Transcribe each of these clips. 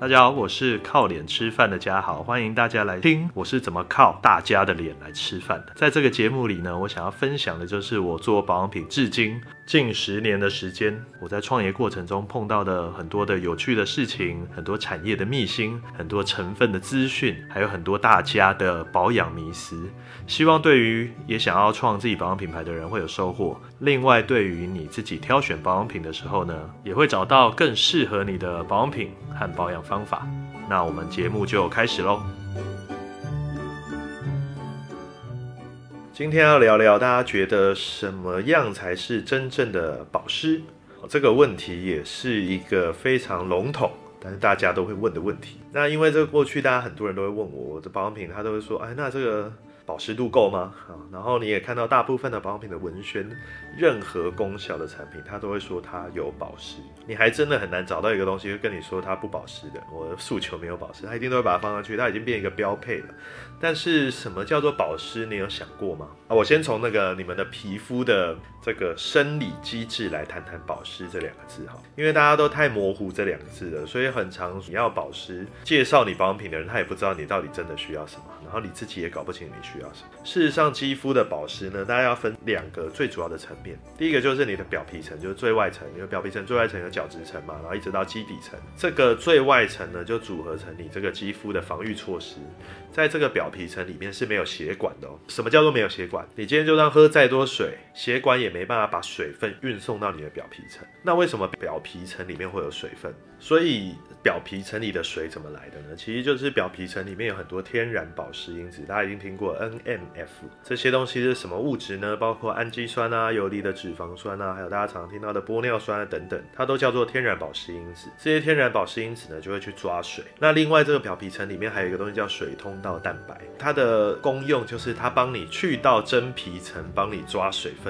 大家好，我是靠臉吃飯的嘉豪，歡迎大家來聽我是怎麼靠大家的臉來吃飯的。在這個節目裡呢，我想要分享的就是我做保養品至今，近十年的時間，我在創業過程中碰到的很多的有趣的事情，很多產業的祕辛，很多成分的資訊，還有很多大家的保養迷思。希望對於也想要創自己保養品牌的人會有收穫。另外，對於你自己挑選保養品的時候呢，也會找到更適合你的保養品和保養方法。那我們節目就開始嘍。今天要聊聊，大家覺得什麼樣才是真正的保濕？這個問題也是一個非常籠統，但是大家都會問的問題。那因為這個過去，大家很多人都會問我，我的保養品，他都會說，哎，那這個。保濕度夠嗎？好，然後你也看到大部分的保養品的文宣，任何功效的產品，它都會說它有保濕。你還真的很難找到一個東西會跟你說它不保濕的。我的訴求沒有保濕，它一定都會把它放上去，它已經變一個標配了。但是什麼叫做保濕，你有想過嗎？啊，我先從那個你們的皮膚的這個生理機制來談談保濕這兩個字哈，因為大家都太模糊這兩個字了，所以很常你要保濕，介紹你保養品的人，他也不知道你到底真的需要什麼。然後你自己也搞不清你需要什麼。事實上，肌膚的保濕呢，大家要分兩個最主要的層面。第一個就是你的表皮層，就是最外層。因為表皮層最外層有角質層嘛，然後一直到基底層。這個最外層呢，就組合成你這個肌膚的防御措施。在這個表皮層裡面是沒有血管的哦。什麼叫做沒有血管？你今天就算喝再多水。血管也沒辦法把水分運送到你的表皮層，那為什麼表皮層裡面會有水分？所以表皮層裡的水怎麼來的呢？其實就是表皮層裡面有很多天然保濕因子，大家已經聽過 NMF 這些東西是什麼物質呢？包括氨基酸啊、游離的脂肪酸啊，還有大家常常聽到的玻尿酸啊等等，它都叫做天然保濕因子。這些天然保濕因子呢，就會去抓水。那另外這個表皮層裡面還有一個東西叫水通道蛋白，它的功用就是它幫你去到真皮層，幫你抓水分。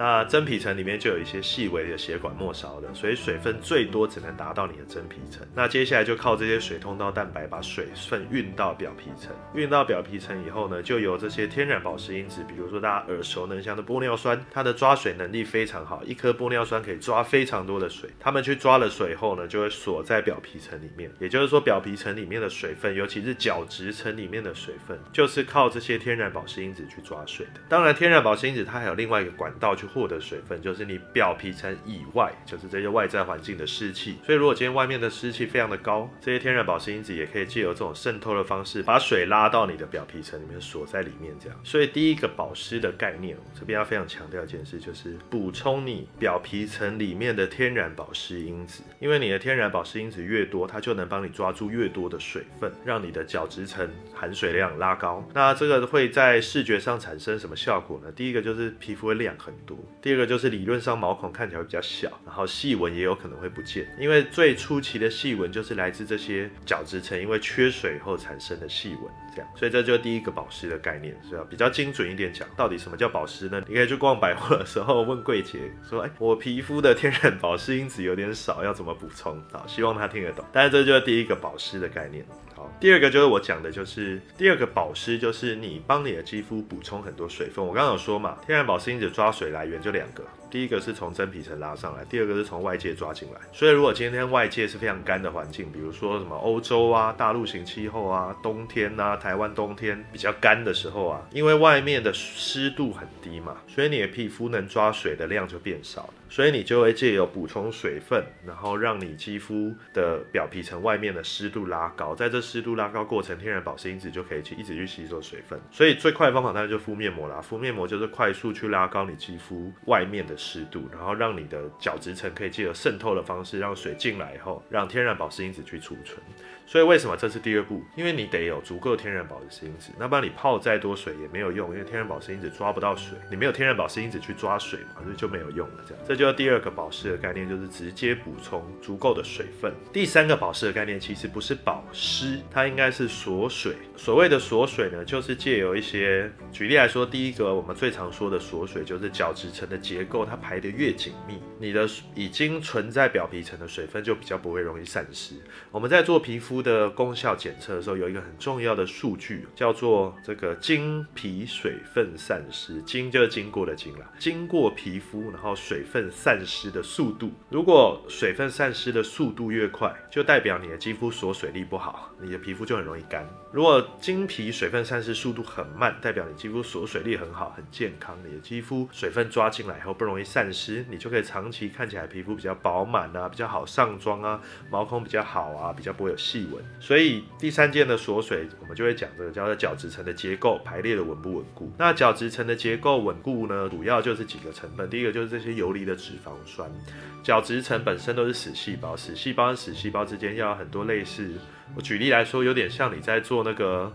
那真皮層裡面就有一些細微的血管末梢的，所以水分最多只能達到你的真皮層。那接下來就靠這些水通道蛋白把水分運到表皮層。運到表皮層以後呢，就有這些天然保濕因子，比如說大家耳熟能詳的玻尿酸，它的抓水能力非常好，一顆玻尿酸可以抓非常多的水。他們去抓了水後呢，就會鎖在表皮層裡面。也就是說，表皮層裡面的水分，尤其是角質層裡面的水分，就是靠這些天然保濕因子去抓水的。當然，天然保濕因子它還有另外一個管道去，獲得水分，就是你表皮層以外，就是這些外在環境的濕氣。所以如果今天外面的濕氣非常的高，這些天然保濕因子也可以借由這種滲透的方式，把水拉到你的表皮層裡面鎖，在裡面這樣。所以第一個保濕的概念，這邊要非常強調一件事，就是補充你表皮層裡面的天然保濕因子。因為你的天然保濕因子越多，它就能幫你抓住越多的水分，讓你的角質層含水量拉高。那這個會在視覺上產生什麼效果呢？第一個就是皮膚會亮很多。第二個就是理論上毛孔看起來會比較小，然後細紋也有可能會不見，因為最初期的細紋就是來自這些角質層，因為缺水後產生的細紋。這樣，所以這就是第一個保濕的概念，所以要比較精準一點講，到底什麼叫保濕呢？你可以去逛百貨的時候問櫃姐，說，哎，我皮膚的天然保濕因子有點少，要怎麼補充？好，希望他聽得懂。但是這就是第一個保濕的概念。好，第二個就是我講的，就是第二個保濕，就是你幫你的肌膚補充很多水分。我剛剛有說嘛，天然保濕因子抓水來源就兩個。第一個是從真皮層拉上來，第二個是從外界抓進來。所以，如果今天外界是非常乾的環境，比如說什麼歐洲啊、大陸型氣候啊、冬天啊，台灣冬天比較乾的時候啊，因為外面的濕度很低嘛，所以你的皮膚能抓水的量就變少了。所以你就會借由補充水分，然後讓你肌膚的表皮層外面的濕度拉高，在這濕度拉高過程，天然保濕因子就可以去一直去吸收水分。所以最快的方法當然就是敷面膜啦。敷面膜就是快速去拉高你肌膚外面的濕度，然後讓你的角質層可以借由滲透的方式讓水進來以後，讓天然保濕因子去儲存。所以為什麼這是第二步？因為你得有足夠天然保濕因子，那不然你泡再多水也沒有用，因為天然保濕因子抓不到水，你沒有天然保濕因子去抓水嘛，所以就沒有用了。這樣，這就是第二個保濕的概念，就是直接補充足夠的水分。第三個保濕的概念其實不是保濕，它應該是鎖水。所謂的鎖水呢，就是借由一些，舉例來說，第一個我們最常說的鎖水，就是角質層的結構，它排得越緊密，你的已經存在表皮層的水分就比較不會容易散失。我們在做皮膚。的功效檢測的時候，有一個很重要的數據叫做這個經皮水分散失，經就是經過的經啦，經過皮膚然後水分散失的速度，如果水分散失的速度越快，就代表你的肌膚鎖水力不好，你的皮膚就很容易乾。如果經皮水分散失速度很慢，代表你肌膚鎖水力很好，很健康，你的肌膚水分抓進來以後不容易散失，你就可以長期看起來皮膚比較飽滿啊，比較好上妝啊，毛孔比較好啊，比較不會有細。所以第三件的鎖水，我們就會講這個叫做角質層的結構排列的穩不穩固。那角質層的結構穩固呢，主要就是幾個成分。第一個就是這些游離的脂肪酸。角質層本身都是死細胞，死細胞跟死細胞之間要有很多類似，我舉例來說，有點像你在做那個。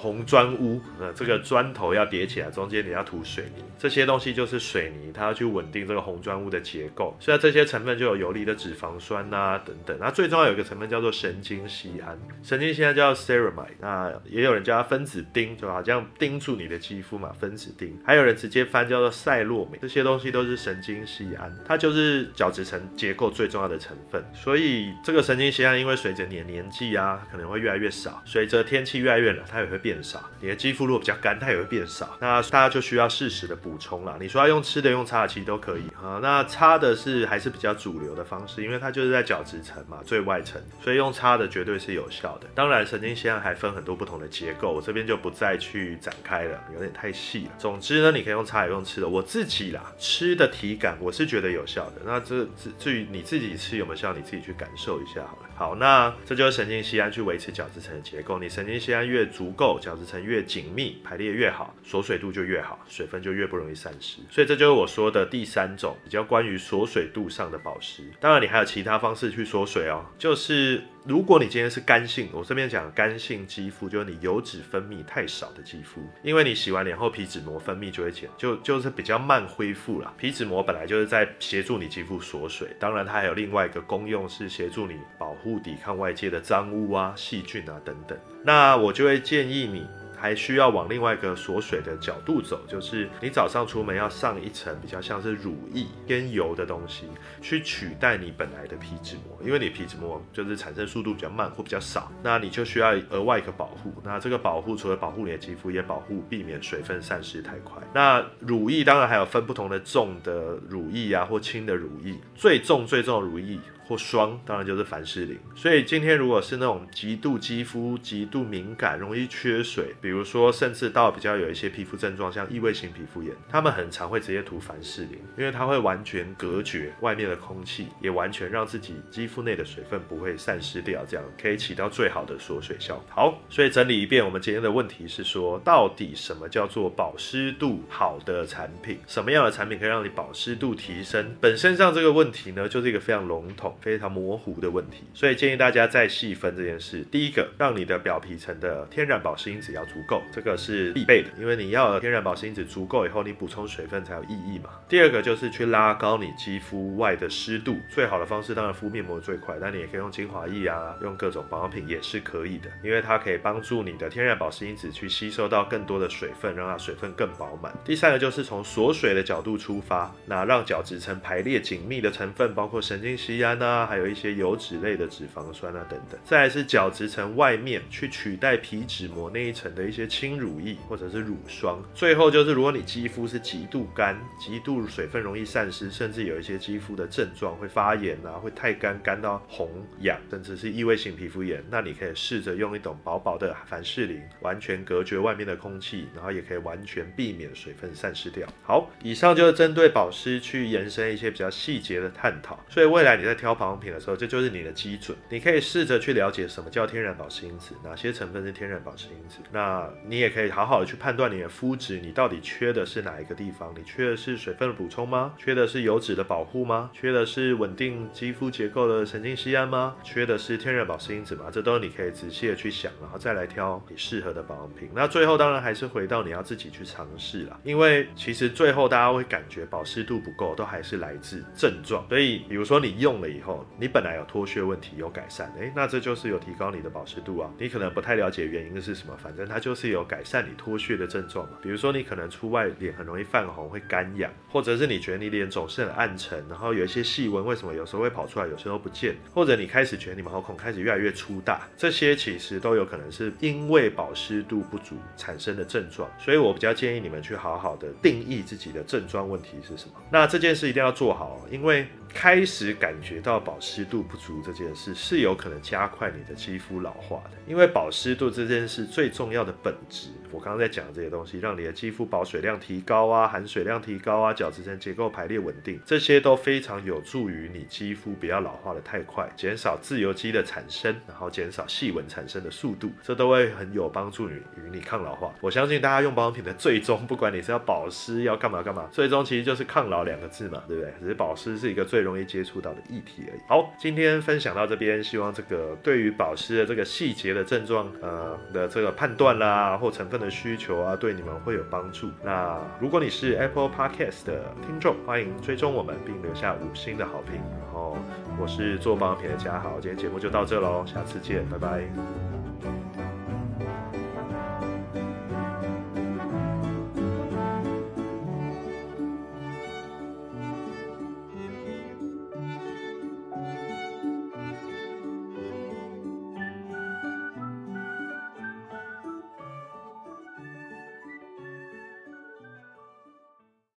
紅磚屋，這個磚頭要疊起來，中間你要塗水泥，這些東西就是水泥，它要去穩定這個紅磚屋的結構。雖然這些成分就有游離的脂肪酸吶、啊、等等，那最重要有一個成分叫做神經酰胺，神經酰胺叫 ceramide，那也有人叫它分子釘，對吧？這樣釘住你的肌膚嘛，分子釘，還有人直接翻叫做賽洛美，這些東西都是神經酰胺，它就是角質層結構最重要的成分。所以這個神經酰胺，因為隨着你的年紀啊，可能會越來越少，隨着天氣越來越冷，它也會變。變少，你的肌膚如果比較乾，它也會變少，那大家就需要適時的補充啦。你說要用吃的，用擦的，其實都可以啊、嗯。那擦的是還是比較主流的方式，因為它就是在角質層嘛，最外層，所以用擦的絕對是有效的。當然，神經酰胺還分很多不同的結構，我這邊就不再去展開了，有點太細了。總之呢，你可以用擦，也用吃的。我自己啦，吃的體感我是覺得有效的。那這至至於你自己吃有沒有效，你自己去感受一下好了。好，那這就是神經酰胺去維持角質層的結構。你神經酰胺越足夠，角質層越緊密，排列越好，鎖水度就越好，水分就越不容易散失。所以這就是我說的第三種比較關於鎖水度上的保濕。當然，你還有其他方式去鎖水哦，就是。如果你今天是乾性，我這邊講乾性肌膚，就是你油脂分泌太少的肌膚，因為你洗完臉後，皮脂膜分泌就會減，就就是比較慢恢復啦。皮脂膜本來就是在協助你肌膚鎖水，當然它還有另外一個功用是協助你保護、抵抗外界的髒污啊、細菌啊等等。那我就會建議你。還需要往另外一個鎖水的角度走，就是你早上出門要上一層比較像是乳液跟油的東西，去取代你本來的皮脂膜，因為你皮脂膜就是產生速度比較慢或比較少，那你就需要額外一個保護，那這個保護除了保護你的肌膚，也保護避免水分散失太快。那乳液當然還有分不同的重的乳液啊，或輕的乳液，最重最重的乳液。或霜，當然就是凡士林。所以今天如果是那種極度肌膚極度敏感、容易缺水，比如說甚至到比較有一些皮膚症狀，像異位性皮膚炎，他們很常會直接塗凡士林，因為它會完全隔絕外面的空氣，也完全讓自己肌膚內的水分不會散失掉，這樣可以起到最好的鎖水效果。好，所以整理一遍，我們今天的問題是說，到底什麼叫做保濕度好的產品？什麼樣的產品可以讓你保濕度提升？本身上這個問題呢，就是一個非常籠統。非常模糊的問題，所以建議大家再細分這件事。第一個，讓你的表皮層的天然保濕因子要足夠，這個是必備的，因為你要天然保濕因子足夠以後，你補充水分才有意義嘛。第二個就是去拉高你肌膚外的濕度，最好的方式當然敷面膜最快，但你也可以用精華液啊，用各種保養品也是可以的，因為它可以幫助你的天然保濕因子去吸收到更多的水分，讓它水分更飽滿。第三個就是從鎖水的角度出發，那讓角質層排列緊密的成分，包括神經酰胺呢。啊，還有一些油脂類的脂肪酸啊等等，再來是角質層外面去取代皮脂膜那一層的一些輕乳液或者是乳霜。最後就是，如果你肌膚是極度乾、極度水分容易散失，甚至有一些肌膚的症狀會發炎啊，會太乾，乾到紅癢，甚至是異位性皮膚炎，那你可以試着用一種薄薄的凡士林，完全隔絕外面的空氣，然後也可以完全避免水分散失掉。好，以上就是針對保濕去延伸一些比較細節的探討。所以未來你在挑保養品的時候，這就是你的基準。你可以試着去了解什麼叫天然保濕因子，哪些成分是天然保濕因子。那你也可以好好的去判斷你的膚質，你到底缺的是哪一個地方？你缺的是水分的補充嗎？缺的是油脂的保護嗎？缺的是穩定肌膚結構的神經酰胺嗎？缺的是天然保濕因子嗎？這都是你可以仔細的去想，然後再來挑你適合的保養品。那最後當然還是回到你要自己去嘗試啦，因為其實最後大家會感覺保濕度不夠，都還是來自症狀。所以比如說你用了以後。哦，你本來有脫屑問題有改善，誒，那這就是有提高你的保濕度啊。你可能不太了解原因是什麼，反正它就是有改善你脫屑的症狀嘛。比如說你可能出外臉很容易泛紅、會乾癢，或者是你覺得你臉總是很暗沉，然後有一些細紋，為什麼有時候會跑出來，有時候不見，或者你開始覺得你毛孔開始越來越粗大，這些其實都有可能是因為保濕度不足產生的症狀。所以我比較建議你們去好好的定義自己的症狀問題是什麼。那這件事一定要做好哦，因為開始感覺到。保濕度不足這件事是有可能加快你的肌膚老化的，因為保濕度這件事最重要的本質。我剛剛在講這些東西，讓你的肌膚保水量提高啊，含水量提高啊，角質層結構排列穩定，這些都非常有助於你肌膚不要老化的太快，減少自由基的產生，然後減少細紋產生的速度，這都會很有幫助你與你抗老化。我相信大家用保養品的最終，不管你是要保濕要幹嘛幹嘛，最終其實就是抗老兩個字嘛，對不對？只是保濕是一個最容易接觸到的議題而已。好，今天分享到這邊，希望這個對於保濕的這個細節的症狀，呃的這個判斷啦，或成分。的需求啊，對你們會有幫助。那如果你是 Apple Podcast 的聽眾，歡迎追蹤我們，並留下五星的好評。然後，我是做保養品的嘉豪，今天節目就到這咯，下次見，拜拜。